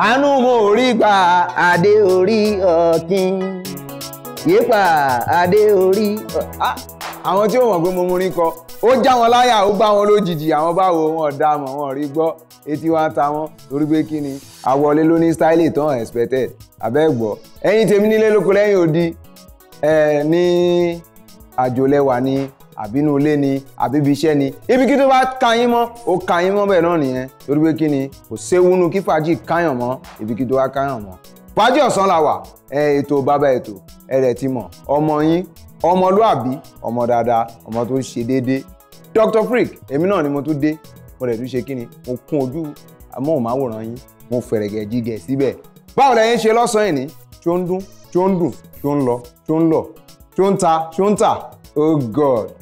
Anu mo rí gbà adé orí ọ̀kín yípa adé orí ah, àwọn tí ó mọ̀ pé mo mú rí kọ ó já wọn láyà ó bá wọn lójijì àwọn báwo wọn dá mọ̀ wọn rí gbọ́ etí wa ta wọn torí pé kí ni àwọlé ló ní style ìtàn expected abẹ́gbọ́ ẹ̀yin tèmi nílé lóko lẹ́yìn odi ẹ̀ ní àjòlẹ́wà ní àbínú ilé ni àbíbi iṣẹ́ ni ibi kí tó bá ka yín mọ́ ó ka yín mọ́ bẹ́ẹ̀ náà nìyẹn torí pé kí ni kò séwu kí fàájì káyàn mọ́ ibi kí tó bá káyàn mọ́ fàájì ọ̀sán la wà ẹ ètò bàbá ètò ẹ rẹ̀ ti mọ̀ ọmọ yín ọmọlúàbí ọmọ dáadáa ọmọ tó ń ṣe déédéé Dr Frique èmi náà ni mo tún dé mo rẹ̀ tún ṣe kí ni mo kún ojú amóhùnmáwòrán yín mo fẹ̀rẹ̀gẹ̀ jígẹ̀ síbẹ̀ báwo lẹ́yìn ṣe lọ́sàn-án yìí ni tí ó ń dún tí ń dùn tí ń lọ tí ń lọ tí ń ta tí ń tà oh god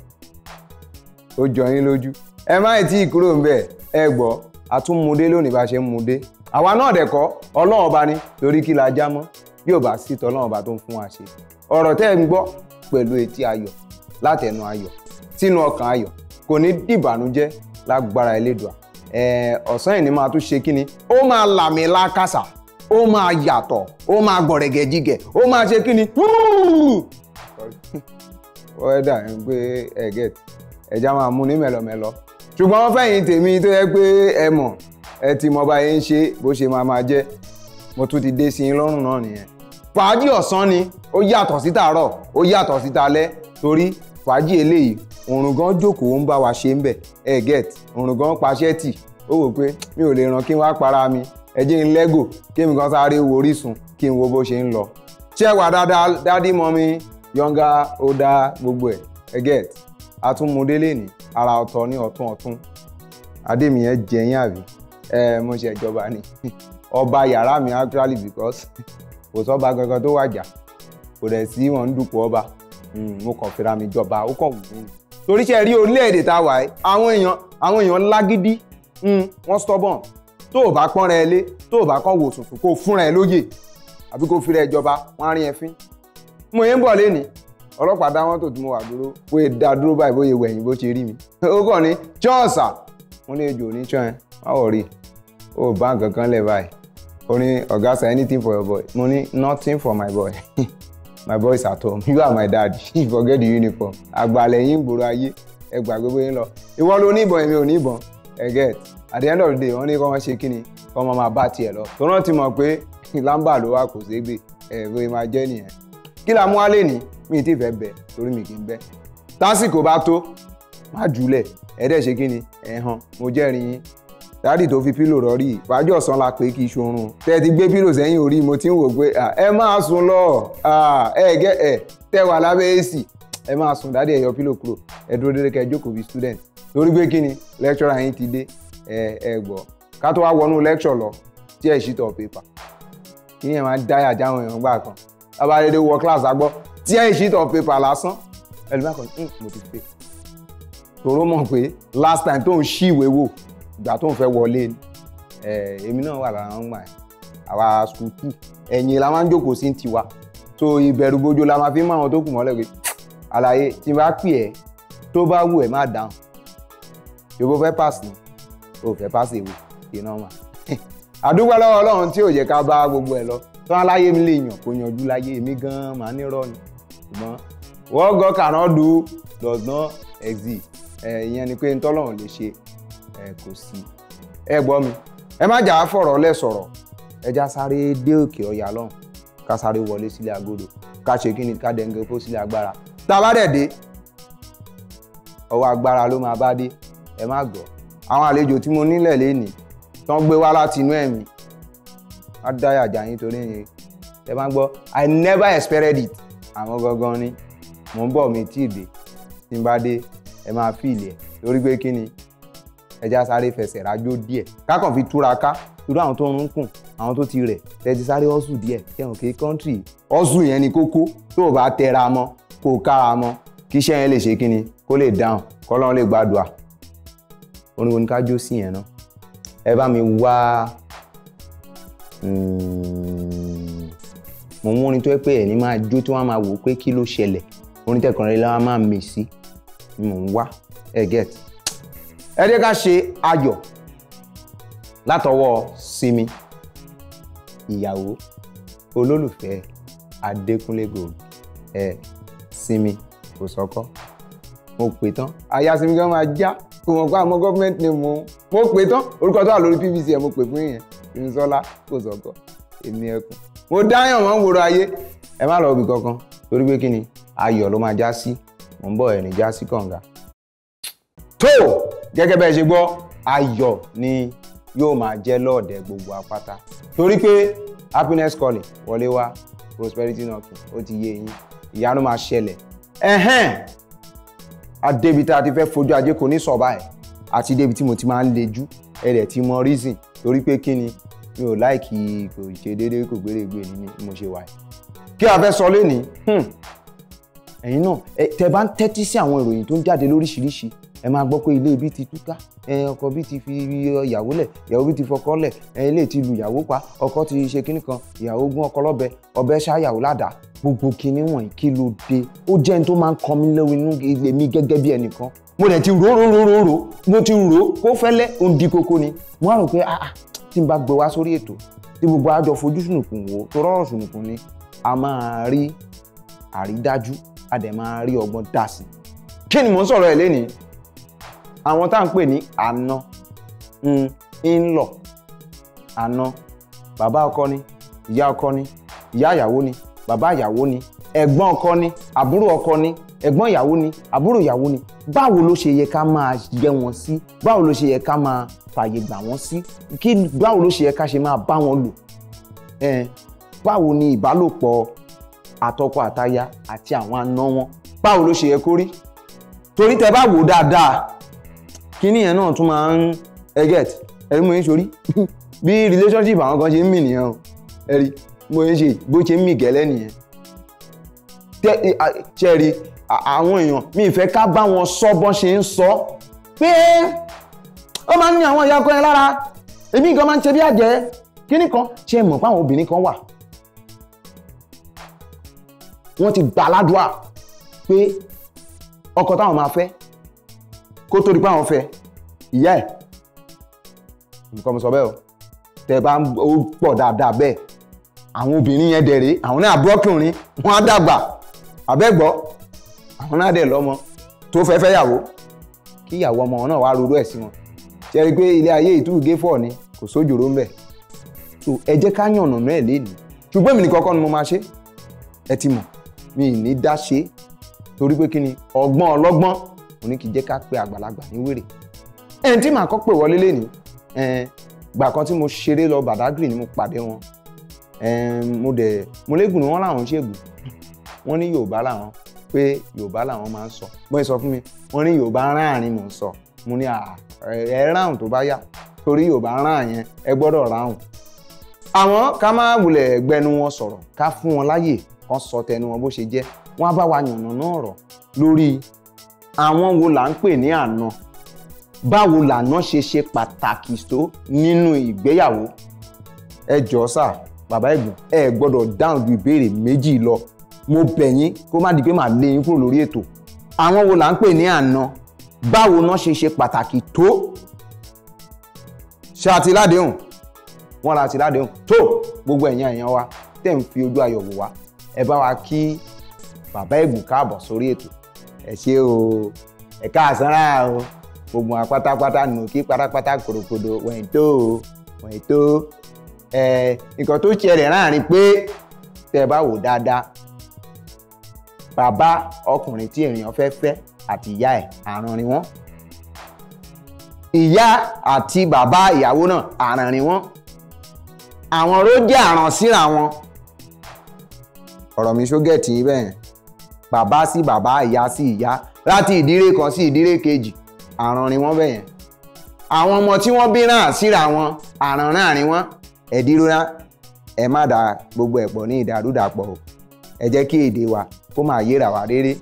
ó jọ yín lójú ẹ má tí ì kúrò ń bẹ̀ ẹ gbọ́ àtúnmudé lónìí bá ṣe ń mudé àwa náà dẹ̀kọ́ ọlọ́run ọba ni torí kí la já mọ́ bí ò bá sí tọ́lọ́run ọba tó ń fún wa ṣe ọ̀rọ̀ tẹ́ ẹ ń gbọ́ pẹ̀lú etí ayọ̀ látẹnu ayọ̀ sínú ọkàn ayọ̀ kò ní dìbànújẹ́ lágbára Elédùà ọ̀sán yìí ni máa tún ṣe kíni ó máa làmì lákàsà ó máa yàtọ̀ ó máa gbọ̀rẹ̀gẹ̀ jígẹ̀ ó máa ṣe kíni wẹ́dà ń gbé ẹ̀gẹ́tì ẹja máa mú ní mẹ̀lọ́mẹ̀lọ́ ṣùgbọ́n wọ́n fẹ̀yìn tèmi tó yẹ pé ẹ mọ̀ ẹ ti mọ bá yẹn ṣe bó ṣe máa máa jẹ́ mo tún ti dé sí i lọ́rùn náà nìyẹn fàájì ọ̀sán ni ó yàtọ̀ sí tàárọ̀ ó yàtọ̀ sí talẹ́ torí fàájì eléyìí òrùn gan jókòó ń bá wa ṣe ń bẹ̀ ẹ get òrùn gan paṣẹ́ tì ó wò pé mi ò lè ràn kí n wá para mi ẹ jẹ́ n lẹ́gò kí mi kan sáré wo Orísun kí n wo bó ṣe ń lọ ṣẹ́wàá dáadáa dádì mọ́mí yọ̀ǹgà ó dá gbogbo ẹ̀ ẹ get atúnmudé lẹ́ni ara ọ̀tọ̀ ní ọ̀tún ọ̀tún adémiyẹn jẹyìn àbí ẹ mo ṣe ìjọba ni ọba yàrá mi actually because kò sọ́ba kankan tó wàjà kò dẹ̀ sí wọn ń dùpọ̀ ọba hmm, mo kàn fira mi jọba ó kàn wù mí torí ṣe rí orílẹ̀-èdè tá a wà ẹ́ àwọn èèyàn àwọn èèyàn lágídí hmm, wọ́n stubborn tó o bá pọ́n rẹ lé tó o bá kàn wò sùnsùn kó o fúnra ẹ lóye àbí kó o fi rẹ jọba wọ́n á rí ẹ fín mo yẹn ń bọ̀ lénìí ọlọ́pàá dá mọ́tò tí mo wà dúró bóyá e dá dúró báyìí bóyá e wẹ̀yìn bó ṣe rí mi ó kàn ní chọ́ọ̀sà mo ní ejò ní chọ́ọ̀n báwo rí o ò bá nǹkan kan lẹ̀ báyìí ó ní ọ̀gá sir anything for your boy mo ní nothing for my boy my boy is at home you are my daddy forget the uniform àgbàlẹ̀ yín gbòòrò ayé ẹ gbàgbé bóyá ń lọ ìwọ ló ní ìbọn èmi ò ní ìbọn ẹ get at the end of the day wọ́n ní kọ́ wọ́n ṣe kí ni kọ́ wọ́n máa bá tiẹ̀ lọ tó rántí mọ̀ pé lámbà ló wà kò ségbè ẹ̀ bóyá máa jẹ́ nìyẹn kí la mú alẹ́ ní mi ti fẹ́ bẹ̀ torí mi kì í bẹ́ tásìkò bá tó má jùlẹ̀ ẹ̀ẹ́dẹ̀ ṣe kí ni ẹ̀hàn mo jẹ́rìí yín dáàdì tó fi pílò rọrí ìpàjọ́ ọ̀sán la pé kí i ṣorun tẹ́ ẹ ti gbé pílò sẹ́yìn orí mo ti ń wò pé ẹ máa sùn lọ ẹ gẹ́ ẹ tẹ́ wà lábẹ́ èsì ẹ máa sùn dáàdì ẹ yọ pílò kúrò ẹ dúró dédé kẹ́ jókòó bí student torí pé kí ni lecturer yín ti dé ẹ ẹ gbọ́ ká tó wá wọnú lecture lọ tí ẹ ṣì tọ̀ paper kí ni ẹ máa dáyà jáwọn èèyàn gbà kan abáyédè wọ class àgbọ́ tear sheet of paper lásán ẹlòmíràn kan ní mo ti pè tòró mọ̀ pé last time tó ń ṣí ìwé wò ìgbà tó ń fẹ́ wọlé ni èmi náà wà lára ń gbà ẹ̀ àwa school two ẹ̀yìn la máa ń jókòó sí tiwa so ìbẹ̀rù bojo la máa fi ń mọ àwọn tó kù mọ́lẹ̀ pé àlàyé tí n bá pè ẹ́ tó bá wù ẹ́ má dáhùn yòbó fẹ́ pass ni o fẹ́ pass èwe ìnáwó àdúgbò lọ́wọ́ ọlọ́run tí ò yẹ ká bá gbogbo ẹ̀ lọ tán aláyé mi lè yàn kó yanjú láyé èmi gan màá nírọ̀ ni ṣùgbọ́n what God cannot do does not exist ìyẹn ni pé ntọ́lọ́run lè ṣe kò sí ẹ gbọ́ mi ẹ má jà á fọ̀rọ̀ lẹ́sọ̀rọ̀ ẹ já sáré dé òkè ọ̀yà lọ́hùn ká sáré wọlé sílé agodo ká ṣe kí ni ká dẹ̀ǹgẹ̀ fó sílé agbára tá a bá dẹ̀ dé ọwọ́ agbára ló máa bá dé ẹ má gbọ́ àwọn àlejò tí mo nílẹ̀ lénìí tán gbé wá láti inú ẹ̀mí á dáyà torí ni ẹ máa ń gbọ́ i never expected it àwọn gangan ni mò ń bọ̀ mi tí ì dé tí n bá dé ẹ máa fi ìlẹ̀ lórí pé kí ni ẹja sáré fẹsẹ̀ rájò díẹ̀ kákan fi túra ká irú àwọn tó ń kùn àwọn tó ti rẹ̀ tẹ́tí sáré ọ̀sù díẹ̀ kẹ́hùn kí kọ́ńtì ọ̀sù yẹn ni kókó tó o bá tẹra mọ́ kó o kára mọ́ kí iṣẹ́ yẹn lè ṣe kí ni kó lè dáhùn kọ́lọ́n lè gbàdúrà oníwo sí yẹn náà ẹ bá mi wá mò ń wọ́n tó yẹ pé ẹ̀ní máa jó tí wọ́n máa wò ó pé kí ló ṣẹlẹ̀ orin tẹ̀kànrẹ́ la máa mì sí ni mò ń wá ẹ get ẹ jẹ́ ká ṣe ayọ̀ látọwọ́ Simi ìyàwó olólùfẹ́ Adékúnlé Gold ẹ Simi Kòsọ́kọ́ mo pè tán aya Simi kan máa já kò mọ̀ pé àmọ́ gọ́fìmẹ̀ntì ni mo mo pè tán orúkọ tó wà lórí PVC ẹ̀ mo pè fún yẹn. Ìmísọ́lá kò sọ̀kọ̀ èmi ẹkùn. mo dáyàn mọ́ wòrò ayé ẹ má lọ ibì kankan torí pé kí ni ayọ̀ ló máa já sí mò ń bọ̀ ẹ̀ ní já sí kànga. tó gẹ́gẹ́ bẹ́ẹ̀ ṣe gbọ́ ayọ̀ ni yóò máa jẹ́ lọ́ọ̀dẹ̀ gbogbo apáta torí pé happiness calling wọlé wá prosperity knocking ó ti yé yín ìyanu máa ṣẹlẹ̀ ẹ̀hẹ́n adébítà ti fẹ́ fojú ajé kò ní sọ̀ báyìí àti débi tí mo ti máa ń lejú ẹ̀rẹ̀ tí mo reason torí pé kí ni mi ò láìkí kò ṣe déédéé kò gbérégbé ni mi mo ṣe wà yìí. kí a fẹ́ sọ lénìí hmm. ẹ̀yin náà tẹ́ bá ń tẹ́tí sí àwọn ìròyìn tó ń jáde lóríṣiríṣi ẹ máa gbọ́ pé ilé ibi ti túká ọkọ bí ti fi ìyàwó lẹ̀ ìyàwó bí ti fọkọ lẹ̀ ilé ti lu ìyàwó pa ọkọ ti ṣe kínní kan ìyàwó gún ọkọ lọ́bẹ ọbẹ ṣáyàwó ládàá gbogbo kínní wọ̀nyí kí ló dé ó jẹ́ ní tó máa ń kọ́ mi lẹ́wọ̀ inú ilé mi gẹ́gẹ́ bí ẹnìkan mo dẹ̀ ti rò rò rò rò rò mo ti rò kó fẹ́lẹ́ òun di koko ni mo á rò pé ah, ah tí n bá gbé wá sórí ètò tí gbogbo àjọ fojú sùnùkùn wò tó rọrùn sùnùkùn ni a máa rí àrídájú a dẹ̀ máa rí ọgbọ́n dà sí i kí ni mò ń sọ̀rọ̀ ẹ̀ lénìí àwọn tá à ń pè ní àna ńlọ mm, àna bàbá ọkọ ni ìyá ọkọ ni ìyá ìyàwó ni bàbá ìyàwó ni ẹ̀gbọ́n ọkọ ni àbúrò ọkọ ni ẹ̀gbọ́n ìyàwó ni àbúrò ìyàwó ni báwo ló ṣe yẹ ká máa yẹ wọn sí báwo ló ṣe yẹ ká máa fààyè gbà wọn sí kí báwo ló ṣe yẹ ká ṣe máa bá wọn lò báwo ni ìbálòpọ̀ àtọkọ àtaya àti àwọn àna wọn báwo ló ṣe yẹ kó rí torí tẹ bá wò dáadáa kíní yẹn náà tún máa ń ẹgẹt ẹrí mo ń sori bí relationship àwọn kan ṣe ń mì nìyẹn o ẹrí mo ń ṣe bó ṣe ń mì gẹ́lẹ́ nìyẹn ṣẹ́ẹ̀rí àwọn èèyàn mi ìfẹ́ ká bá wọn sọ bọ́n ṣe ń sọ pé ó máa ń ní àwọn ìyá ọkọ yẹn lára èmi gan máa ń ṣe bí àjẹ́ kíní kan ṣe mọ̀ pé àwọn obìnrin kan wà wọ́n ti gbà ládùúà pé ọkọ táwọn máa fẹ́ kó tó di pé àwọn fẹ́ ìyá ẹ̀ nǹkan mo sọ bẹ́ẹ̀ o tẹ bá ń pọ̀ dáadáa bẹ́ẹ̀ àwọn obìnrin yẹn dẹ̀rẹ̀ àwọn náà abúrọ́kùnrin wọ́n á dàgbà àbẹ́gbọ́ àwọn náà dẹ̀ lọ́mọ tó fẹ́ fẹ́ yàwó kí ìyàwó ọmọ náà wá rorú ẹ̀ sí wọn ṣe rí i pé ilé ayé ìtúrùgé fọ̀ ni kò sójòrò ń bẹ̀ so ẹ jẹ́ ká yàn ọ̀nà náà léèní ṣùgbọ́n èmi nìkan kọ́ ni mo máa ṣe ẹ ti mọ̀ mi ì ní dá ṣe torí pé kí ni ọgbọ́n ọlọ́gbọ́n òní kì í jẹ́ ká pe àgbàlagbà ní wèrè ẹni tí màá kọ́ pè wọlé lé ní gbà kan tí mo ṣeré lọ Badagry ni mo pàdé wọn mo dẹ̀ mo légùn ni wọ́n láwọn ṣègùn wọ́n ní Yorùbá làwọn pé yorùbá làwọn máa ń sọ bọ́n sọ fún mi wọ́n ní yorùbá ráàrin mò ń sọ mo ní ẹ ráhùn tó bá yá torí yorùbá ráhùn yẹn ẹ gbọ́dọ̀ ráhùn. àwọn ká má wulẹ̀ gbẹnu wọn sọ̀rọ̀ ká fún wọn láyè kan sọ tẹnu wọn bó ṣe jẹ́ wọ́n á bá wa yànnà náà rọ̀ lórí àwọn wo là ń pè ní àna báwo làná ṣe ṣe pàtàkì tó nínú ìgbéyàwó ẹ jọ̀ọ́ sà bàbá ẹ̀gbọ́n ẹ gbọ́dọ̀ dáhùn ju ìbéèrè méjì lọ mo bẹ̀ yín kó má di pé màá lé yín kúrò lórí ètò àwọn wo là ń pè ní àna báwo náà ṣe ṣe pàtàkì tó ṣe àtìládéhùn wọn ra àtìládéhùn tó gbogbo ẹ̀yin èèyàn wa tẹ̀ ń fi ojú ayọ̀ wò wá ẹ bá wa kí bàbá Ìgbù káàbọ̀ sórí ètò ẹ ṣé o ẹ káàsánra o gbogbo wa pátápátá nù kí pátápátá kòròkòdò wọ̀nyí tó o wọ̀nyí tó ẹ nǹkan tó ṣẹlẹ̀ láàrin pé tẹ́ ẹ bá wò dáadáa bàbá ọkùnrin tí ènìyàn fẹ́ fẹ́ àti ìyá ẹ̀ àràn ni wọ́n ìyá àti bàbá ìyàwó náà àràn ni wọ́n àwọn ló jẹ́ àràn síra wọn ọ̀rọ̀ mi ṣógẹ̀tì yín bẹ́ẹ̀ bàbá sí bàbá ìyá sí ìyá láti ìdílé kan sí ìdílé kejì àràn ni wọ́n bẹ̀yẹn àwọn ọmọ tí wọ́n bí náà síra wọn àràn náà ni wọ́n ẹ̀dí ẹ má da gbogbo ẹ̀pọ̀ ní ìdàrúdàpọ̀ o ẹ jẹ́ kí èdè wa kó máa yéra wa réré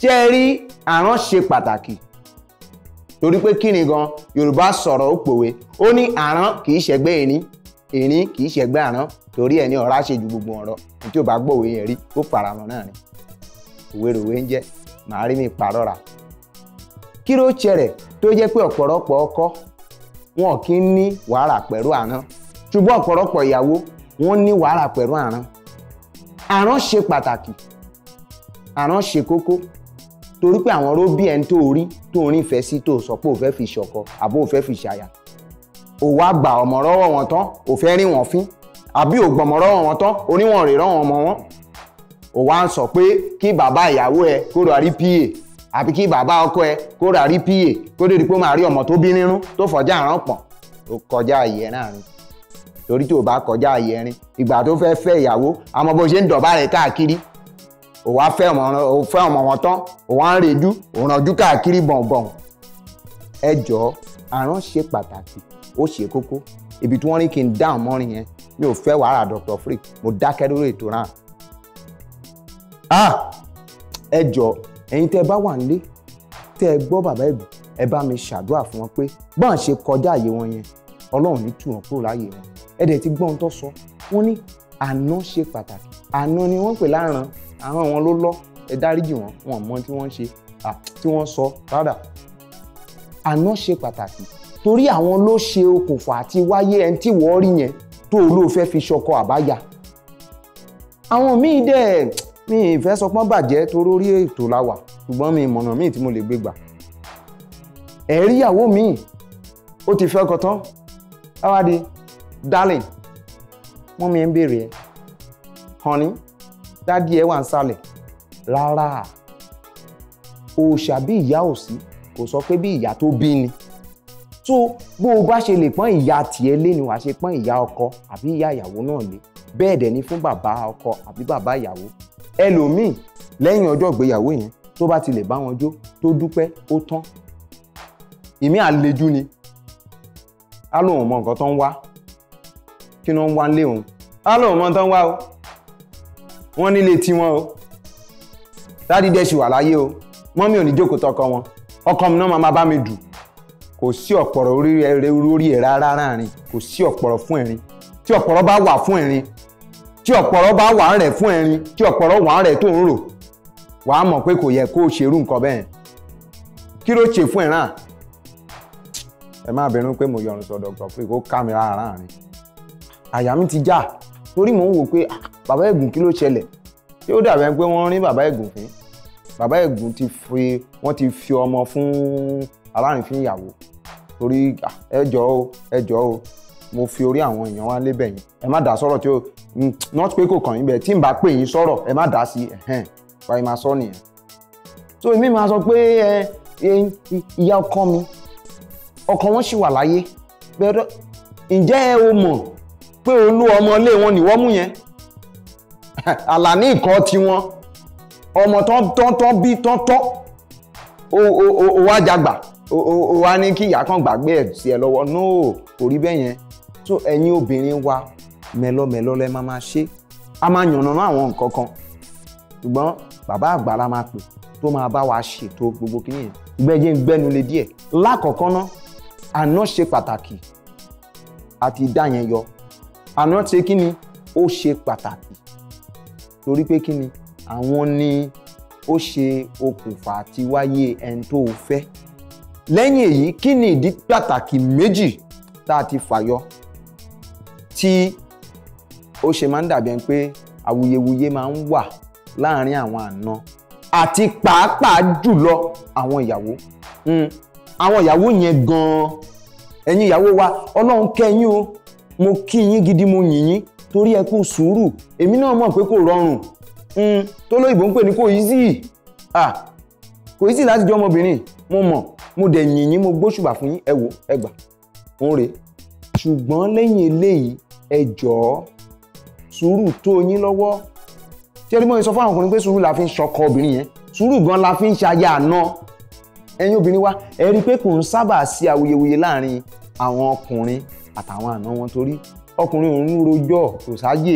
ṣé ẹ rí àrán ṣe pàtàkì torí pé kí ni gan Yorùbá sọ̀rọ̀ ó pòwe ó ní àrán kì í ṣẹgbẹ́ ẹni ẹni kì í ṣẹgbẹ́ àrán torí ẹni ọ̀rá ṣe ju gbogbo ọ̀rọ̀ tí ò bá gbòwe yẹn rí ó faramọ́ náà ni òweròwe ń jẹ́ màá rí mi pàrọ́ra kí ló ṣẹlẹ̀ tó jẹ́ pé ọ̀pọ̀lọpọ̀ ọkọ wọn kì í ní wàhálà pẹ̀lú àrán ṣùgbọ́n ọ̀pọ̀lọpọ̀ ìyàwó wọn ní wàhálà pẹ̀lú àrán àrán ṣe pàtàkì àrán ṣe kókó torí pé àwọn ọ̀rọ̀ bí ẹni tó rí tó rí ìfẹ́ sí tó sọ pé ò fẹ́ fi ṣọkọ àbó ò fẹ́ fi ṣàyà ò wá gbà ọmọ rọ́wọ́ wọn tán ò fẹ́ rí wọn fín àbí ò gbọmọ rọ́wọ́ wọn tán oníwọ̀n rè rọ́wọ́ ọmọ wọn ò wá ń sọ pé kí bàbá ìyàwó ẹ kó rà rí pa àbí kí bàbá ọkọ ẹ kó rà rí pa kó dé di pé ó rí ọmọ tó bí nínú tó fọjá àrán pọ̀n kọjá ìyẹn náà ni torí tó bá kọjá àyè ẹrin ìgbà tó fẹ́ fẹ́ ìyàwó àmọ́ bó ṣe ń dọ̀bálẹ̀ káàkiri ò wá fẹ́ ọmọ wọn tán ò wá ń rejú ò rànjú káàkiri bọ̀nbọ̀n ẹ jọ̀ọ́ àrán ṣe pàtàkì ó ṣe kókó ibi tí wọ́n ní kí n dáhùn mọ́rin yẹn mi ò fẹ́ wàhálà Dr. Frique mo dákẹ́ lórí ètò náà ah ẹ jọ̀ọ́ ẹ̀yin tẹ́ bá wà nílé tẹ́ ẹ gbọ́ bàbá ẹ̀bùn ẹ bá mi ṣàdúrà fún wọn pé báwọn ṣe kọjá àyè wọn yẹn Ọlọ́run ní tù wọn kúrò láyè wọn ẹ̀dẹ̀ ti gbọ́n tó sọ wọ́n ní àná ṣe pàtàkì àná ni wọ́n pè láràn àwọn wọn ló lọ ẹ dáríjì wọn wọn mọ tí wọ́n ṣe tí wọ́n sọ rárá àná ṣe pàtàkì torí àwọn ló ṣe okùnfà àti wáyé ẹni tí wọ́n rí yẹn tó ló fẹ́ fi ṣọkọ àbáyà àwọn míì dẹ̀ mi ìfẹ́ sọ pọ́n bàjẹ́ torí orí ètò la wà ṣùgbọ́n mi ìmọ̀nà míì tí mo lè gbé gbà ẹ̀ríyàwó míì ó ti fẹ́ ọkọ tán báwa di darling mọ́mí ẹ ń béèrè ẹ honey dádì ẹ wà ń sálẹ̀ rárá òòṣà bí ìyá ò sí kò sọ pé bí ìyá tó bí ni tó bó o bá ṣe lè pọ́n ìyá tiẹ̀ lé ni wàá ṣe pọ́n ìyá ọkọ àbí ìyá ìyàwó náà lé bẹ́ẹ̀ dẹ̀ ni fún bàbá ọkọ àbí bàbá ìyàwó ẹlòmíì lẹ́yìn ọjọ́ ìgbéyàwó yẹn tó bá ti lè bá wọn jó tó dúpẹ́ ó tán ìmí àlejú ni á mọ nǹkan tó ń wá kí wọ́n ń wá lé òun á lóun mọ́ tán wá o wọ́n nílé tiwọn o dáàdi dẹ́ ṣì wà láyé o mọ́mí ò ní jókòó tọkọ wọn ọkọ mi náà máa máa bá mi dù kò sí ọ̀pọ̀rọ̀ orí ẹ̀ rárá ráàrin kò sí ọ̀pọ̀rọ̀ fún ẹ̀rin tí ọ̀pọ̀rọ̀ bá wà fún ẹ̀rin tí ọ̀pọ̀rọ̀ bá wà ń rẹ̀ fún ẹ̀rin tí ọ̀pọ̀rọ̀ wà ń rẹ̀ tó ń rò wà á mọ̀ pé kò yẹ kó o ṣerú nǹkan bẹ́ẹ̀ kí ló ṣe fún ẹ̀ràn ẹ má bínú pé mo yọrùn sọ̀dọ̀ gbọ̀ pé kó ká mi rárá ráàrin àyà mi ti já torí mò ń wò pé ah, bàbá ẹ̀gùn kí ló ṣẹlẹ̀ tí ó dàbẹ̀ pé wọ́n rí bàbá ẹ̀gùn fín bàbá ẹ̀gùn ti fi wọ́n ti fi ọmọ fún alárìnfín ìyàwó torí ah, ẹjọ́ o ẹjọ́ o mo fi orí àwọn èèyàn wá lébẹ̀ yín ẹ má dá sọ̀rọ̀ tí ó not pé kò kàn yín bẹ̀ tí n bá pè yín sọ̀rọ̀ ẹ má dá sí ẹ̀hẹ́n báyìí máa sọ nìyẹn so èmi máa sọ pé ẹ ìyá ọkọ mi ọkọ wọn ṣì wà láyé bẹ́ẹ̀ ǹjẹ́ ẹ o mọ̀ pé olú ọmọ ilé wọn nìwọ́ mú yẹn àlàní ìkọ́ tiwọn ọmọ tọ́ntọ́ntọ́ bí tọ́ntọ́ ó wá jagbà ó wá ní kí ìyá kan gbàgbé ẹ̀ sí ẹ lọ́wọ́ nóò kò rí bẹ́ẹ̀ yẹn tó ẹ̀yin obìnrin wa mẹ́lọ́mẹ́lọ́ lẹ́ máa ṣe a máa yànnàná àwọn nǹkan kan ṣùgbọ́n bàbá àgbà la máa pè tó máa bá wa ṣètò gbogbo kí nìyẹn gbẹ́jẹ́ ń gbẹ́nu lé díẹ̀ lákọ̀ọ́kọ́ náà àná ṣe pàtàkì àti dá yẹn yọ àná ṣe kí ni ó ṣe pàtàkì torí pé kí ni àwọn ni ó ṣe okùnfà àti wáyé ẹni tó o fẹ́ lẹ́yìn èyí kí ni ìdí pàtàkì méjì tá a ti fàyọ tí ó ṣe máa ń dàbí ẹni pé awuyewuye máa ń wà láàárín àwọn àna àti pàápàá jùlọ àwọn ìyàwó hmm, àwọn ìyàwó yẹn gan-an ẹ̀yin ìyàwó wa ọlọ́run kẹ́ o mo kí yín gidi mo yìn yín torí ẹ kú sùúrù èmi náà mọ̀ pé kò rọrùn hmm, tó lóyìnbó ń pè ní kò easy ah kò easy láti jọ ọmọbìnrin mo mọ̀ mo dẹ̀ yìn yín mo gbóṣùbà fún yín ẹ wò ẹ gbà òun rèé ṣùgbọ́n lẹ́yìn eléyìí ẹ jọ̀ọ́ sùúrù tó yín lọ́wọ́ tí ẹni mọ́ ẹ sọ fún àwọn ọkùnrin pé sùúrù la fi ń ṣọkọ obìnrin yẹn sùúrù gan la fi ń ṣayé àná ẹ̀yin obìnrin wa ẹ rí i pé kò ń sábà sí awuyewuye láàrin àwọn ọkùnrin àtàwọn àna wọn torí ọkùnrin òun rojọ́ kò sáyè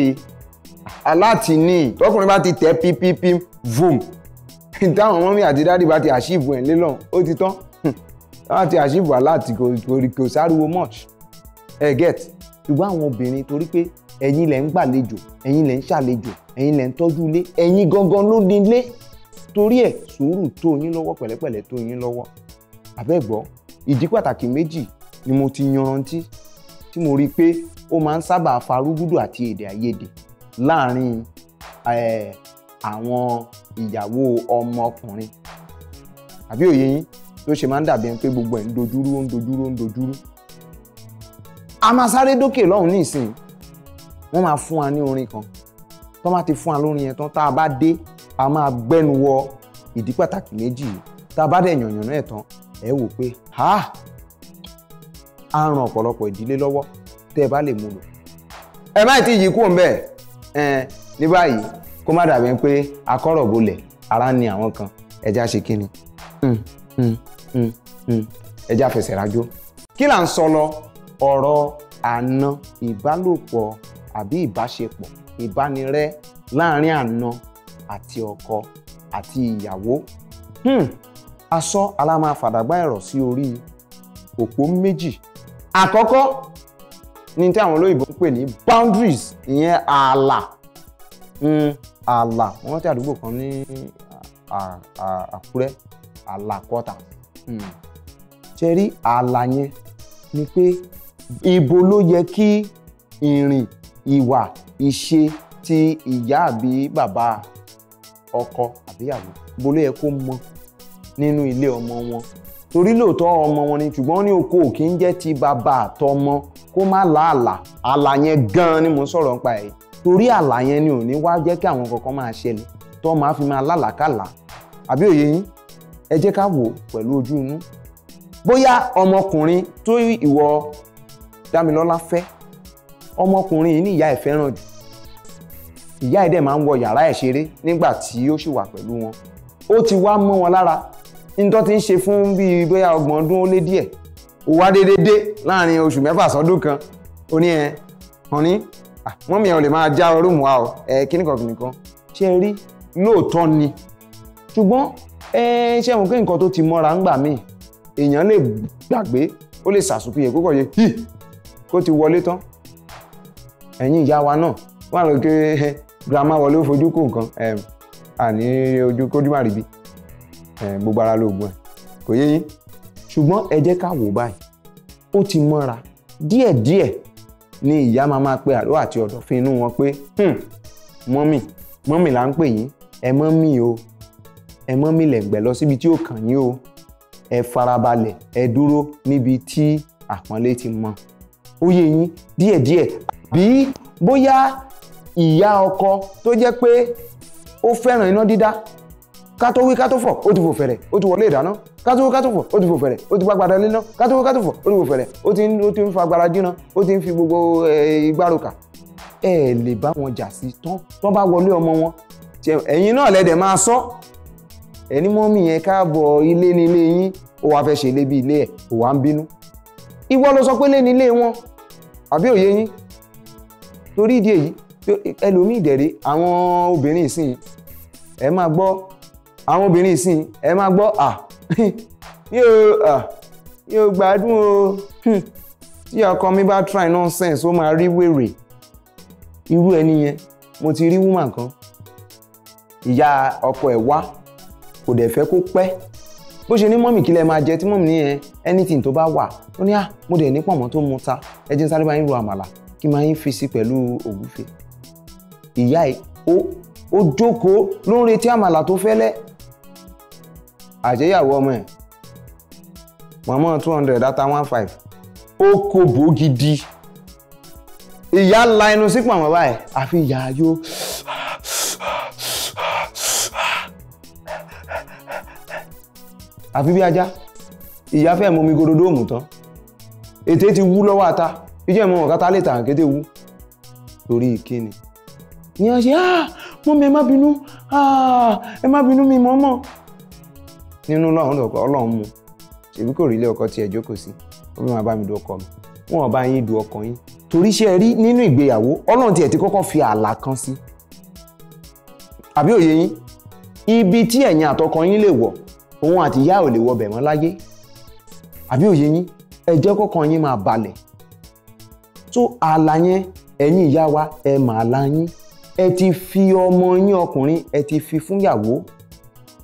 alátìní tọkùnrin bá ti tẹ ppp vroom táwọn mọ́mí àti dáàdì bá ti àṣìbù ẹ̀ lélọ̀ ó ti tán láti àṣìbù aláàtì kò sáriwo much ẹ get ṣùgbọ́n àwọn obìnrin torí pé ẹ̀yin lẹ̀ ń gbàlejò ẹ̀yin lẹ̀ ń ṣàlejò ẹ̀yin lẹ̀ ń tọ́jú ilé ẹ̀yin gangan ló ní ilé torí ẹ̀ sùúrù tó yín lọ́wọ́ pẹ̀lẹ́pẹ̀lẹ́ tó yín lọ́wọ́ àbẹ́gbọ́ ìdí pàtàkì méjì ni mo ti yanrantí tí mo rí i pé ó máa ń sábà fa rúgúdù àti èdè àìyedè láàárín àwọn ìyàwó ọmọkùnrin àbí òye yín ló ṣe máa ń dàbí ẹni pé gbogbo ẹ̀ ń dojúrú ó ń dojúrú ó ń dojúrú a máa sáré dókè lọ́hùn ní ìsìn wọ́n máa fún wa ní orin kan tó máa ti fún wa lórin yẹn tán tá a bá dé a máa gbẹ́nu wọ ìdí pàtàkì méjì yìí tá a bá dẹ̀ yànyàn náà tán ẹ wò pé ha á ran ọ̀pọ̀lọpọ̀ ìdílé lọ́wọ́ tẹ́ ẹ bá lè mú lò. ẹ má ti yí kúrò ń bẹ́ẹ̀ ẹ ní báyìí kó má dàbí pé akọ́rọ̀ bolẹ̀ ara ni àwọn kan ẹja ṣe kí ni ẹja fẹsẹ̀ rájó. kí là ń sọ lọ ọ̀rọ̀ àna ìbálòpọ̀ àbí ìbáṣepọ̀ ìbánirẹ́ láàrin àna àti ọkọ àti ìyàwó hmm. asọ́ alámàfàdàgbà ẹ̀rọ sí orí òpó méjì àkọ́kọ́ ní tí àwọn olóyìnbó ń pè ní boundaries ìyẹn ààlà hmm, ààlà wọ́n ti àdúgbò kan ní Àkúrẹ́ ààlà kọ́ta hmm. ṣe rí ààlà yẹn ni pé ibo ló yẹ kí ìrìn ìwà ìṣe ti ìyá àbí bàbá ọkọ àbíyàwó ibo ló yẹ kó mọ nínú ilé ọmọ wọn torí lóòótọ́ ọmọ wọn ni ṣùgbọ́n ní oko kì í jẹ́ ti bàbá àtọmọ kó má làálà àlà yẹn gan-an ni mo ń sọ̀rọ̀ nípa ẹ̀ torí àlà yẹn ni ò ní wá jẹ́ kí àwọn kankan máa ṣẹlẹ̀ tó máa fi máa lálàkàlà àbí òye yín ẹ jẹ́ ká wò pẹ̀lú ojú inú bóyá ọmọkùnrin tó ìwọ Dámilọ́lá fẹ́ ọmọkùnrin yìí ní ìyá ẹ̀ fẹ́ràn jù ìyá ẹ̀ dẹ̀ máa ń wọ yàrá ẹ̀ ṣeré nígbà tí ó sì wà pẹ̀lú wọn ó ti wá mọ́ wọn lára nítorí ti ń ṣe fún bíi bóyá ọgbọ̀n ọdún ó lé díẹ̀ ó wá dédédé láàrin oṣù mẹ́fà sọ́dún kan ó ní ẹ hàn ní mọ́mí ẹ ò lè máa já rúùmù wa o ẹ kíní kan kìnìún kan ṣe rí lóòótọ́ ni ṣùgbọ́n ẹ ṣe mọ̀ pé nǹkan tó ti mọ́ra ń gbà míì èèyàn lè gbàgbé ó lè ṣàṣùpìyẹ kó kọ̀ yẹ hì kó ti wọlé tán ẹ̀yin ìyá wa náà wọ́n á lọ kí grandma wọlé ó fojú kó nǹkan àní ojú kójú má bíi gbogbo ara lóògùn ẹ̀ kò yé yín ṣùgbọ́n ẹ jẹ́ ká wò báyìí ó ti mọ́ra díẹ̀díẹ̀ ni ìyá máa máa pe àlọ́ àti ọ̀dọ̀ fún inú wọn pé hmm, mọ́mì mọ́mì là ń pè yín ẹ mọ́mì o ẹ mọ́mì lẹ̀gbẹ́ lọ síbi tí ó kàn yín o ẹ farabalẹ̀ ẹ dúró níbi tí àpọ́nlé ti mọ ó yé yín díẹ̀díẹ̀ bí bóyá ìyá ọkọ tó jẹ́ pé ó fẹ́ràn iná dídá ká tó wí ká tó fọ̀ ó ti fò fẹ̀rẹ̀ ó ti wọlé ìdáná ká tó wí ká tó fọ̀ ó ti fò fẹ̀rẹ̀ ó ti gbàgbàdà níná ká tó wí ká tó fọ̀ ó ti fò fẹ̀rẹ̀ ó ti ó ti ń fa agbára jìnnà ó ti ń fi gbogbo ìgbárùkà ẹ lè bá wọn jà sí tán tán bá wọlé ọmọ wọn ẹ̀yin náà lẹ́dẹ̀ máa sọ ẹni mọ́mì yẹn káàbọ̀ ilé nílé yín ó wàá fẹ́ ṣe ilé bí ilé ẹ̀ ó wàá ń bínú ìwọ ló sọ pé lé nílé wọn àbí òye yín torí ìdí èyí ẹlòmíì dẹ̀rẹ̀ àwọn obìnrin ìsìn ẹ máa gbọ́ àwọn obìnrin ìsìn ẹ máa gbọ́ à mi à mi gbádùn o hmm. tí ọkọ mi bá try nonsense ó máa rí wèrè irú ẹni yẹn mo ti rí woman kan ìyá ọkọ ẹ̀ wá kò dẹ̀ fẹ́ kó pẹ́ bó ṣe ní mọ́mì kí máa jẹ tí mọ́mì nìyẹn anything tó bá wà ó ní à mo dẹ̀ ní pọ̀nmọ́ tó mu ta ẹ sáré bá yín ro àmàlà kí máa yín fi sí pẹ̀lú ògúfe ìyá ẹ̀ ó ó jókòó ló ń retí àmàlà tó fẹ́lẹ́ àjẹyàwó ọmọ ẹ̀ mọ̀mọ́ two hundred data one five ó kò bó gidi ìyá la inú sípò àwọn báyìí àfi ìyá yó. àfi bí ajá ìyá fẹ́ mọ omi gòdòdóòmù tán ètè ti wú lọ́wọ́ ata ìjẹ́ ìmọ̀ ọ̀ká tá lè tà kété wú torí kíni. ìyẹn ṣe ah mọ́mi ẹ má bínú ah ẹ má bínú mi mọ́mọ́ nínú lọ́run ọkọ ọlọ́run mu ṣèbí kò rí ilé ọkọ tí ẹ jókòó sí ó fi máa bá mi du ọkọ mi wọn ò bá yín du ọkọ yín torí ṣe rí nínú ìgbéyàwó ọlọ́run tiẹ̀ ti kọ́kọ́ fi ààlà kan sí àbí òye yín ibi tí ẹ̀yin àtọkọ yín lè wọ̀ òun àti ìyá ò lè wọ bẹ̀ mọ́ láyé àbí òye yín ẹ jẹ́ kọ́kọ́ yín máa balẹ̀ tó ààlà yẹn ẹ̀yin ìyá wa ẹ màá la yín ẹ ti fi ọmọ yín ọkùnrin ẹ ti fi fúnyàwó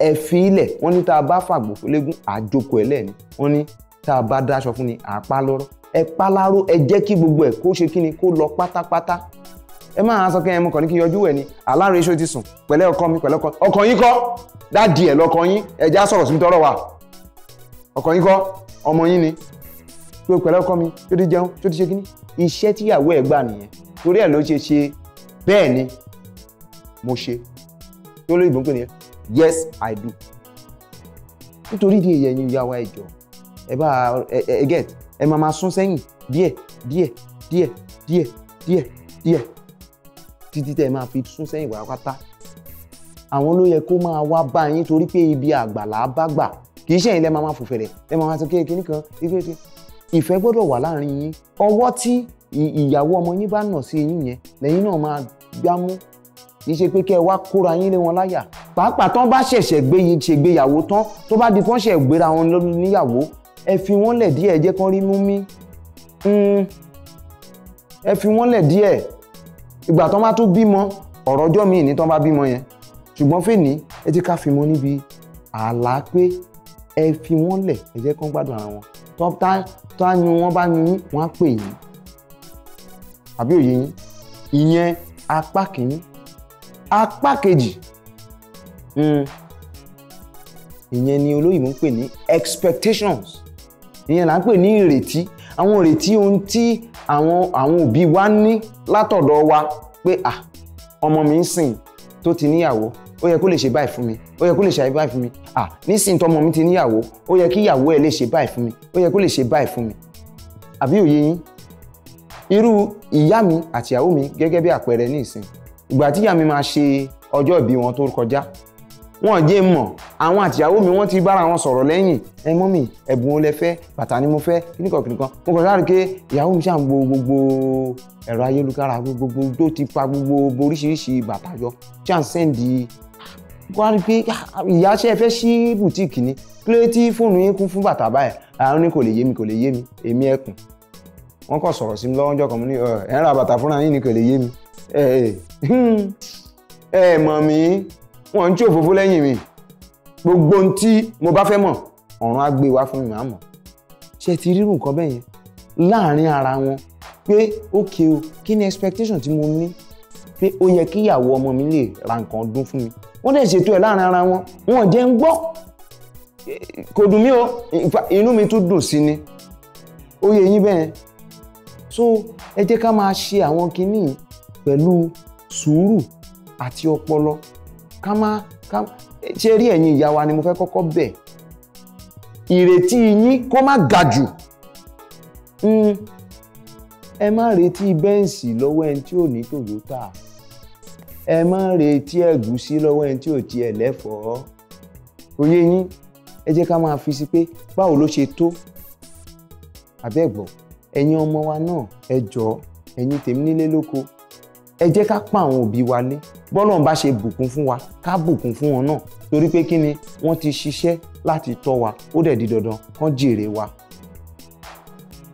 ẹ fi ilẹ̀ wọ́n ní tá a bá fàgbò fúnlégún àjòkò ẹ̀ lẹ́ni wọ́n ní tá a bá dáṣọ fún ni àpá lọ́rọ́ ẹ paláró ẹ jẹ́ kí gbogbo ẹ̀ kó ṣe kí ni kó lọ pátápátá ẹ máa sọ kẹ́hìn mo kàn ní kí yọjú ẹ̀ ni aláàrẹ iṣẹ́ ti sùn pẹ̀lẹ́ ọkọ mi pẹ̀lẹ́ ọkọ ọkọ yín kọ́ dáàdì ẹ̀ lọkọ yín ẹja sọ̀rọ̀ sí tọrọ wa ọkọ yín kọ́ ọmọ yín ni pé pẹ̀lẹ́ ọkọ mi tó ti jẹun tó ti ṣe kíní iṣẹ́ tíyàwó ẹ̀ gbà nìyẹn torí ẹ̀ ló ṣe ṣe bẹ́ẹ̀ ni mo ṣe tó lóyìnbó ń pè nìyẹn yes i do nítorí ìdí èyí ẹ̀yin ìyá wa ẹ jọ̀ọ́ ẹ bá ẹ get ẹ máa máa sún sẹ́yìn díẹ̀ díẹ̀ díẹ̀ díẹ̀ díẹ̀ díẹ̀ títí tẹ́ ẹ máa fi sún sẹ́yìn pátápátá àwọn ló yẹ kó máa wá bá yín torí pé ibi àgbàlá bá gbà kì í ṣe ẹ̀yin lẹ́ máa máa fò fẹ̀rẹ̀ lẹ́ máa máa sọ kéèké nìkan kéèké ìfẹ́ gbọ́dọ̀ wà láàrin yín ọwọ́ tí ìyàwó ọmọ yín bá nà sí eyín yẹn lẹ́yìn náà máa gbámú kì í ṣe pé kẹ́ ẹ wá kóra yín lé wọn láyà pàápàá tán bá ṣẹ̀ṣẹ̀ gbé yín ṣègbéyàwó tán tó bá di kán ṣẹ̀ gbéra wọn níyàwó ẹ fi wọ́n lẹ̀ díẹ̀ ẹ jẹ́ kán rí mú mí hmm. ẹ fi wọ́n lẹ̀ díẹ̀ ìgbà tán bá tún bímọ ọ̀rọ̀ ọjọ́ míì ní tán bá bímọ yẹn ṣùgbọ́n fèèní ẹ ti ká fi mọ níbi àlá pé ẹ fi wọ́n lẹ̀ ẹ jẹ́ kán gbádùn ara wọn tán á bá yín wọn á pè yín àbí òye yín ìyẹn apá kìíní apá kejì hmm. ìyẹn ni olóyìnbó ń pè ní expectations ìyẹn là ń pè ní ìrètí àwọn ìrètí ohun tí àwọn àwọn òbí wa ní látọ̀dọ̀ wa pé à ọmọ mi ń sìn tó ti níyàwó ó yẹ kó lè ṣe báyìí fún mi ó yẹ kó lè ṣe báyìí fún mi à nísìnyí tọmọ mi ti níyàwó ó yẹ kí ìyàwó ẹ lè ṣe báyìí fún mi ó yẹ kó lè ṣe báyìí fún mi àbí òye yín irú ìyá mi àti ìyàwó mi gẹ́gẹ́ bí àpẹẹrẹ ní ìsìn ìgbà tíyà mi máa ṣe ọjọ́ ìbí wọn tó kọjá wọn jẹ́ mọ̀ àwọn àtìyàwó mi wọ́n ti bára wọn sọ̀rọ̀ lẹ́yìn ẹ mọ́mì ẹ̀bùn olè fẹ́ bàtà ni mo fẹ́ kíníkan kíníkan mo kàn sáré pé ìyàwó mi ṣàn gbo gbogbo ẹ̀rọ ayélujára gbogbo tó ti pa gbogbo oríṣiríṣi bàtà yọ ṣàn sẹ́ǹdì wọ́n á rí pé ìyá ṣe é fẹ́ ṣí bùtíìkì ni kí ló ti fóònù yín kún fún bàtà báyìí àwọn ní kò lè yé mi kò lè yé mi èmi ẹkùn wọ́n kàn sọ̀rọ̀ sí mi lọ́wọ́jọ́ kan mo ní ẹ̀ ń ra bàtà fúnra yín ni kò lè yé mi ẹ hmm. ẹ mọ̀ mí wọ́n ń tí òfófó lẹ́yìn mi gbogbo ohun tí mo bá fẹ́ mọ̀ ọ̀run á gbé wá fún mi màá mọ̀ ṣe ti rírù nǹkan bẹ́ẹ̀ yẹn láàárín ara wọn pé ókè o kí ni expectation tí mo ní pé ó yẹ kí ìyàwó ọmọ mi lè ra nǹkan ọdún fún mi wọ́n dẹ̀ ṣètò ẹ̀ láàárín ara wọn wọn jẹ́ ń gbọ́ kò dùn mí o inú mi tún dùn sí ni ó yẹ yín bẹ́ẹ̀ so ẹ jẹ́ ká máa ṣe àwọn kinní pẹ̀lú sùúrù àti ọpọlọ ká má ká ṣe rí ẹ̀yin ìyá wa ni mo fẹ́ kọ́kọ́ bẹ̀ ìrètí yín kó má ga jù hmm. ẹ má retí bẹ́ǹsì lọ́wọ́ ẹni tí ò ní tòyótà ẹ má retí ẹ̀gúsí lọ́wọ́ ẹni tí ò tiẹ̀ lẹ́fọ̀ọ́ oyé yín ẹ jẹ́ ká máa fi sí pé báwo ló ṣe tó àbẹ́gbọ̀ ẹ̀yin ọmọ wa náà ẹ jọ̀ọ́ ẹ̀yin tèmi nílé lóko ẹ jẹ́ ká pa àwọn òbí wa lé bọ́lọ̀ ń bá ṣe bùkún fún wa ká bùkún fún wọn náà torí pé kí ni wọ́n ti ṣiṣẹ́ láti tọ́ wa ó dẹ̀ di dandan kán jèrè wa.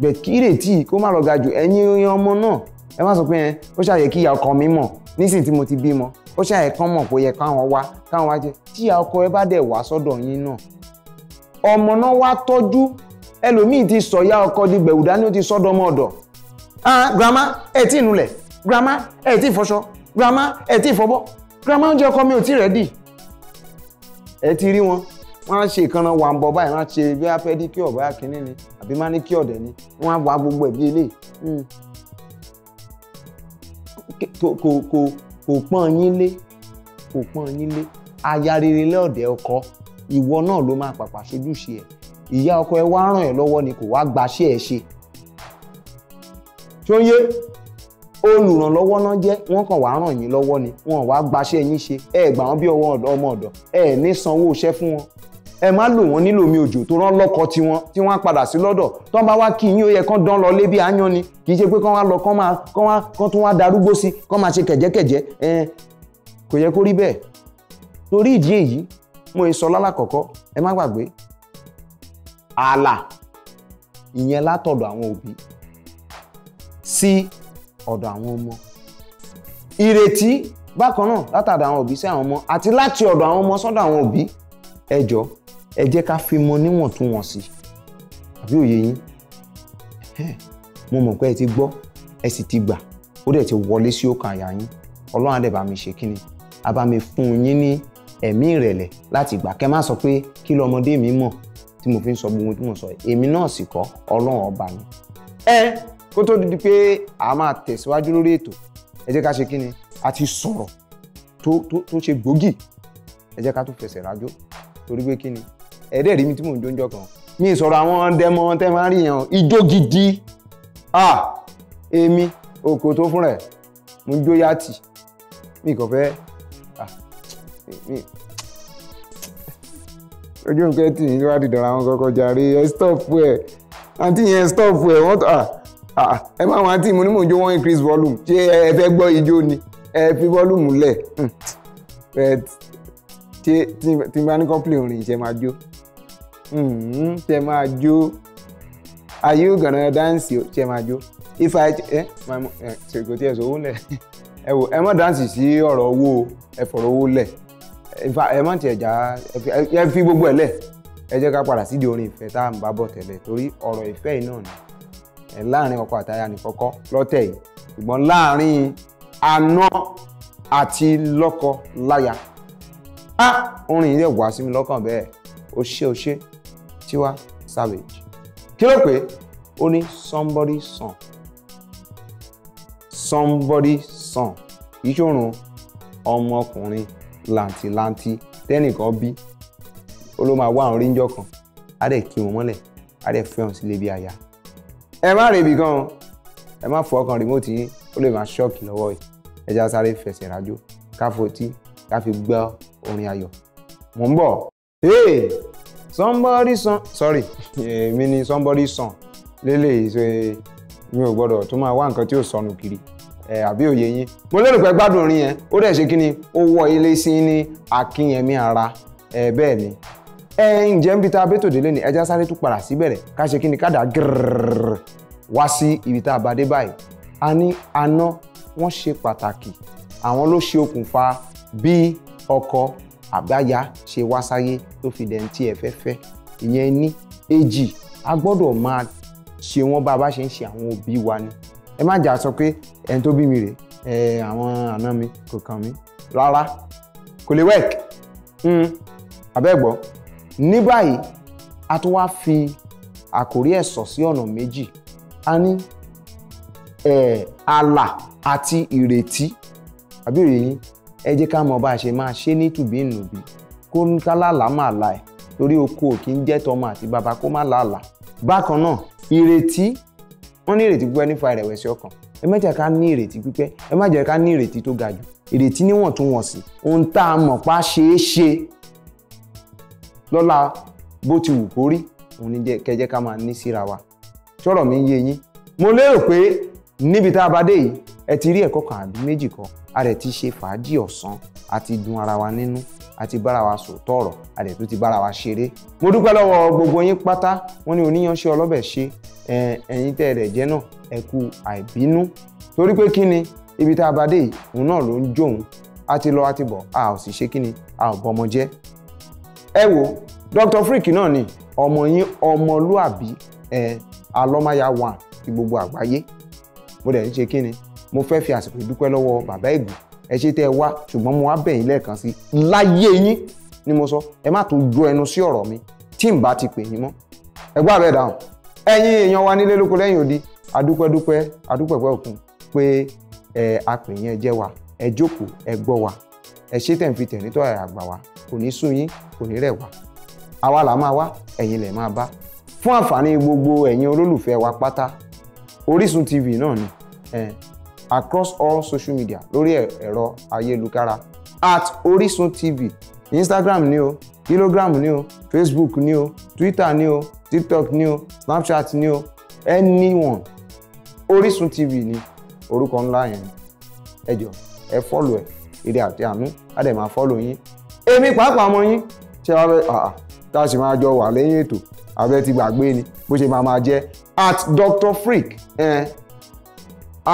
bẹ̀ kí ìrètí kó má lọ ga jù ẹ̀yin ọmọ náà ẹ má sọ pé ẹ ó ṣàyẹ kí ìyá ọkọ mi mọ̀ nísìnyí tí mo ti bímọ ó ṣàyẹ kán mọ̀ kó yẹ káwọn wá káwọn wá jẹ tí ìyá ọkọ ẹ bá dẹ̀ wá sọ́dọ̀ yín náà ọmọ náà wá tọ́jú ẹlòmíì ti sọ ìyá ọkọ di gbẹ̀wùdání ti sọ́dọ̀ ọmọ ọ̀dọ̀ ah grandma ẹ̀ tí ì grandma ẹ ti fọṣọ grandma ẹ ti fọbọ grandma oúnjẹ ọkọ mi ò tí rẹ́dì ẹ ti rí wọn wọn á ṣe ìkànnà wà ń bọ báyìí wọn á ṣe bí wọn fẹ́ dí kí ọ̀bá kínní ni àbí má ní kí ọ̀dẹ̀ ni wọn á wá gbogbo ẹ̀ bí eléyìí hmm. kò kò kò pọ́n yín lé kò pọ́n yín lé aya rere lọ́ọ̀dẹ̀ ọkọ ìwọ náà ló máa pàpà ṣojúṣe ẹ̀ ìyá ọkọ ẹ wá ràn ẹ́ lọ́wọ́ ni kò wá gbaṣẹ́ ẹ ṣe. ṣóyé olùrànlọ́wọ́ náà jẹ́ wọ́n kàn wá ràn yín lọ́wọ́ ni wọn wá gbaṣẹ́ yín ṣe ẹ gbà wọ́n bí ọwọ́ ọmọ ọ̀dọ̀ ẹ ní sanwó iṣẹ́ fún wọn ẹ má lò wọ́n nílò mi òjò tó rán lọ́kọ tiwọn tí wọ́n á padà sí lọ́dọ̀ tó ń bá wá kí yín ó yẹ kán dán lọ lé bí aáyán ni kì í ṣe pé kán wá lọ kán máa kán wá kán tún wá darúgbó sí kán máa ṣe kẹ̀jẹ́kẹ̀jẹ́ ẹ kò yẹ kó rí bẹ́ẹ̀ torí ìdí èyí mo sọ lálàkọ̀kọ́ ẹ má gbàgbé ààlà ìyẹn látọ̀dọ̀ àwọn òbí sí ọ̀dọ̀ àwọn ọmọ ìrètí bákan náà látàdà àwọn òbí sí àwọn ọmọ àti láti ọ̀dọ̀ àwọn ọmọ sọ́dọ̀ àwọn òbí ẹ jọ ẹ jẹ́ ká fi mọ níwọ̀ntúnwọ̀nsì àbí òye yín mo mọ̀ pé ẹ ti gbọ́ ẹ sì ti gbà ó dẹ̀ ti wọlé sí ọkàn àyà yín ọlọ́run á dẹ̀ bá mi ṣe kíni á bá mi fún yín ní ẹ̀mí ìrẹ̀lẹ̀ láti gbà kẹ́ má sọ pé kí lọmọdé mi mọ̀ tí mo fi ń sọ gbogbo tí mo sọ èmi náà sì kọ́ ọlọ́run ọba mi. ẹ kó tó di pé a máa tẹ̀síwájú lórí ètò ẹ jẹ́ ká ṣe kíni a ti sọ̀rọ̀ tó tó ṣe gbòógì ẹ jẹ́ ká tó fẹsẹ̀ rájò torí pé kíni ẹ̀ẹ́dẹ̀ rí mi tí mò ń jóúnjọ kan mi sọ̀rọ̀ àwọn dẹmọ tẹ́ máa ń rí yẹn ijó gidi èmi òkò tó fún rẹ̀ mo ń jó yàtì mi kò fẹ́ ojú nǹkan tì ní wá dìdọ̀ra wọn kọ́kọ́ jàre ẹ stop ẹ àǹtí yẹn stop ẹ wọ́n tà ẹ máa wọn àti ìmúnímọ̀ ijó wọn increase volume ṣé ẹ fẹ́ gbọ́ ijó ni ẹ fi volume lẹ̀ hmm. ṣé tí bá ní kọ́pìlì orin ṣe máa jó hmm, ṣe máa jó are you gonna dance ṣe máa jó if I eh, eh, ẹ ṣe kò tiẹ̀ sówó lẹ̀ ẹ wò ẹ má dáǹsì sí ọ̀rọ̀ owó ẹ fọ̀rọ̀ owó lẹ̀ ẹ má tiẹ̀ já ẹ fi gbogbo ẹ̀ lẹ̀ ẹ jẹ́ ká padà sídìí orin ìfẹ́ tá à ń bá bọ̀ tẹ́lẹ̀ torí ọ̀rọ̀ ìfẹ́ yìí náà ni láàrin ọkọ àtaya nìkọ́kọ́ lọ́tẹ̀ yìí ṣùgbọ́n láàrin àná àti lọ́kọ láya á orin yìí wá sí mi lọ́kàn bẹ́ẹ̀ ó ṣe ó ṣe Tiwa Savage kí ló pé ó ní somebody song somebody song kì í ṣòrun ọmọkùnrin làǹtìlanti tẹ́nìkan bí ó ló máa wá àwọn oríńjọ kan á dẹ̀ kí wọn mọ́lẹ̀ á dẹ̀ fẹ́ràn sílé bí aya ẹ má rèébi gan o ẹ má fọ ọkàn rìmọ́ọ̀tì yín ó lè máa ṣọ́ọ̀kì lọ́wọ́ yìí ẹ já sáré fẹsẹ̀ rájò káfọ́tì ká fi gbọ́ orin ayọ̀ mò ń bọ̀ hey somebody song sorry èmi ni somebody song lélẹ̀ ṣe mi ò gbọ́dọ̀ tó máa wá nǹkan tí ò sọnù kiri ẹ àbí òye yín mo lérò pé gbádùn orin yẹn ó dẹ̀ ṣe kí ni ó wọ ilé sí ní akínyẹmí ara ẹ bẹ́ẹ̀ ni ẹ ǹjẹ́ níbi tá a bẹ́tò délé ni ẹja sáré tún padà sí bẹ̀rẹ̀ ká ṣe kí ni ká dà gírrrr tá a a ní aná wọ́n ṣe pàtàkì àwọn ló ṣe okùnfà bí ọkọ àbáyá ṣe wá sáyé tó fi dẹ̀ntì ní èjì a gbọ́dọ̀ máa ṣe wọ́n bá a bá ṣe ń ṣe àwọn òbí wa ni ẹ má jà sọ pé ẹni tó bí mi rèé ẹ àwọn àna ní báyìí a tún wá fi àkòrí ẹ̀ sọ sí ọ̀nà méjì a ní àlà àti ìrètí àbí òye yín ẹ jẹ́ ká mọ bá a ṣe máa ṣe ní tùbí nùbí kó ń ká làlà máa la ẹ̀ torí oko ò kí ń jẹ́ tọmọ àti bàbá kó má làlà bákan náà ìrètí wọ́n ní ìrètí pípẹ́ nípa ìrẹ̀wẹ̀sì ọkàn ẹ má ká ní ìrètí pípẹ́ ẹ má jẹ́ ká ní ìrètí tó ga jù ìrètí níwọ̀ntúnwọ̀nsì ohun tá a mọ̀ pa ṣeé ṣe lọ́la bó ti wù kó rí òun ní kẹjẹ ká máa ní síra wa sọ̀rọ̀ mi ń yé yín mo lérò pé níbi tá a bá dé yìí ẹ ti rí ẹ̀kọ́ kan àbí méjì kan a rẹ̀ ti ṣe fàájì ọ̀sán àti dùn ara wa nínú àti bára wa sòótọ́ ọ̀rọ̀ a rẹ̀ tó ti bára wa ṣeré mo dúpẹ́ lọ́wọ́ gbogbo yín pátá wọn ni oníyanṣẹ́ ọlọ́bẹ̀ ṣe ẹ̀yin tẹ́ rẹ̀ jẹ́ náà ẹ kú àìbínú torí pé kí ni ibi tá a bá dé yìí òun náà ló ń jóun a ti lọ a ti bọ̀ a ò sì ṣe kí ni a ò bọmọ jẹ́ ẹ wo Dr Frique náà ni ọmọ yín ọmọlúàbí ẹ alọ́máyà wà ní gbogbo àgbáyé mo dẹ̀ ń ṣe kíni mo fẹ́ fi àsìkò ìdúpẹ́ lọ́wọ́ bàbá Ìgbò ẹ ṣe tẹ́ ẹ wá ṣùgbọ́n mo wá bẹ̀ yín lẹ́ẹ̀kan sí láyé yín ni mo sọ ẹ má tún jó ẹnu sí ọ̀rọ̀ mi tí n bá ti pè yín mọ́ ẹ gbọ́ àbẹ̀ dáhùn ẹ̀yin èèyàn wa nílé lóko lẹ́yìn odi adúpẹ́dúpẹ́ adúpẹ́pẹ́ òkun pé ẹ apè yín ẹ jẹ́ wa ẹ jókòó ẹ gbọ́ wa ẹ ṣe tẹ̀ ń fi tẹ̀ nítọ́ àgbà wa kò ní sú yín kò ní rẹ̀ àwa là máa wá ẹ̀yin lẹ̀ máa bá fún àǹfààní gbogbo ẹ̀yin olólùfẹ́ wa pátá Orísun TV náà ni eh, across all social media lórí ẹ̀rọ ayélujára at Orísun TV Instagram ni o kilogram ni o Facebook ni o Twitter ni o TikTok ni o Snapchat ni o anyone Orísun TV ni orúkọ ńlá yẹn ẹ jọ ẹ fọ́lù ẹ̀ ire àti àánú á dẹ̀ máa fọ́lù yín èmi pàápàá ọmọ yín ṣé wàá fẹ́ tá a sì máa jọ wà lẹ́yìn ètò abẹ́ ti gbàgbé ni bó ṣe máa máa jẹ́ at Dr freak, eh,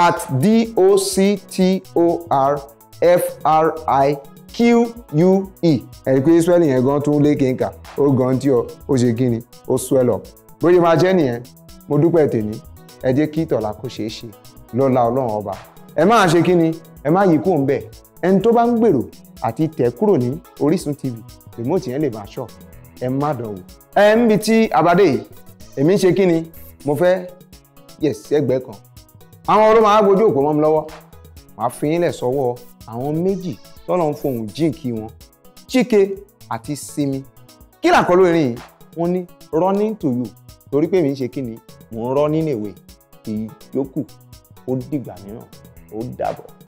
at d-o-c-t-o-r-f-r-i-q-u-e ẹ̀rí pé israẹli yẹn gan tún lékè nkà ó gan tí ọ ó ṣe kí ni ó swell up bó ṣe máa jẹ́ nìyẹn mo dúpẹ́ tèmi ẹ jẹ́ kí tọ̀la kó ṣeé ṣe lọ́la ọlọ́run ọba ẹ máa ṣe kí ni ẹ má yí kúò ń bẹ̀ ẹni tó bá ń gbèrò àti tẹ̀ kúrò ní Orísun TV remote yẹn lè máa ṣọ̀ ẹ má dánwò. ẹ ń bi tí abadé èmi ń ṣe kí ni mo fẹ́ yes ẹgbẹ́ kan àwọn ọ̀rọ̀ máa gbójú òpó mọ́ mi lọ́wọ́ màá fi yín lẹ̀ sọ́wọ́ àwọn méjì tọ́lọ́ ń fohùn jíǹkì wọn Chike àti Simi kí làkọ́ lórin yìí wọ́n ní running to you torí pé mi ń ṣe kí ni mò ń rọ́ nínú ìwé ìyókù ó dìgbà mìíràn ó dàbọ̀.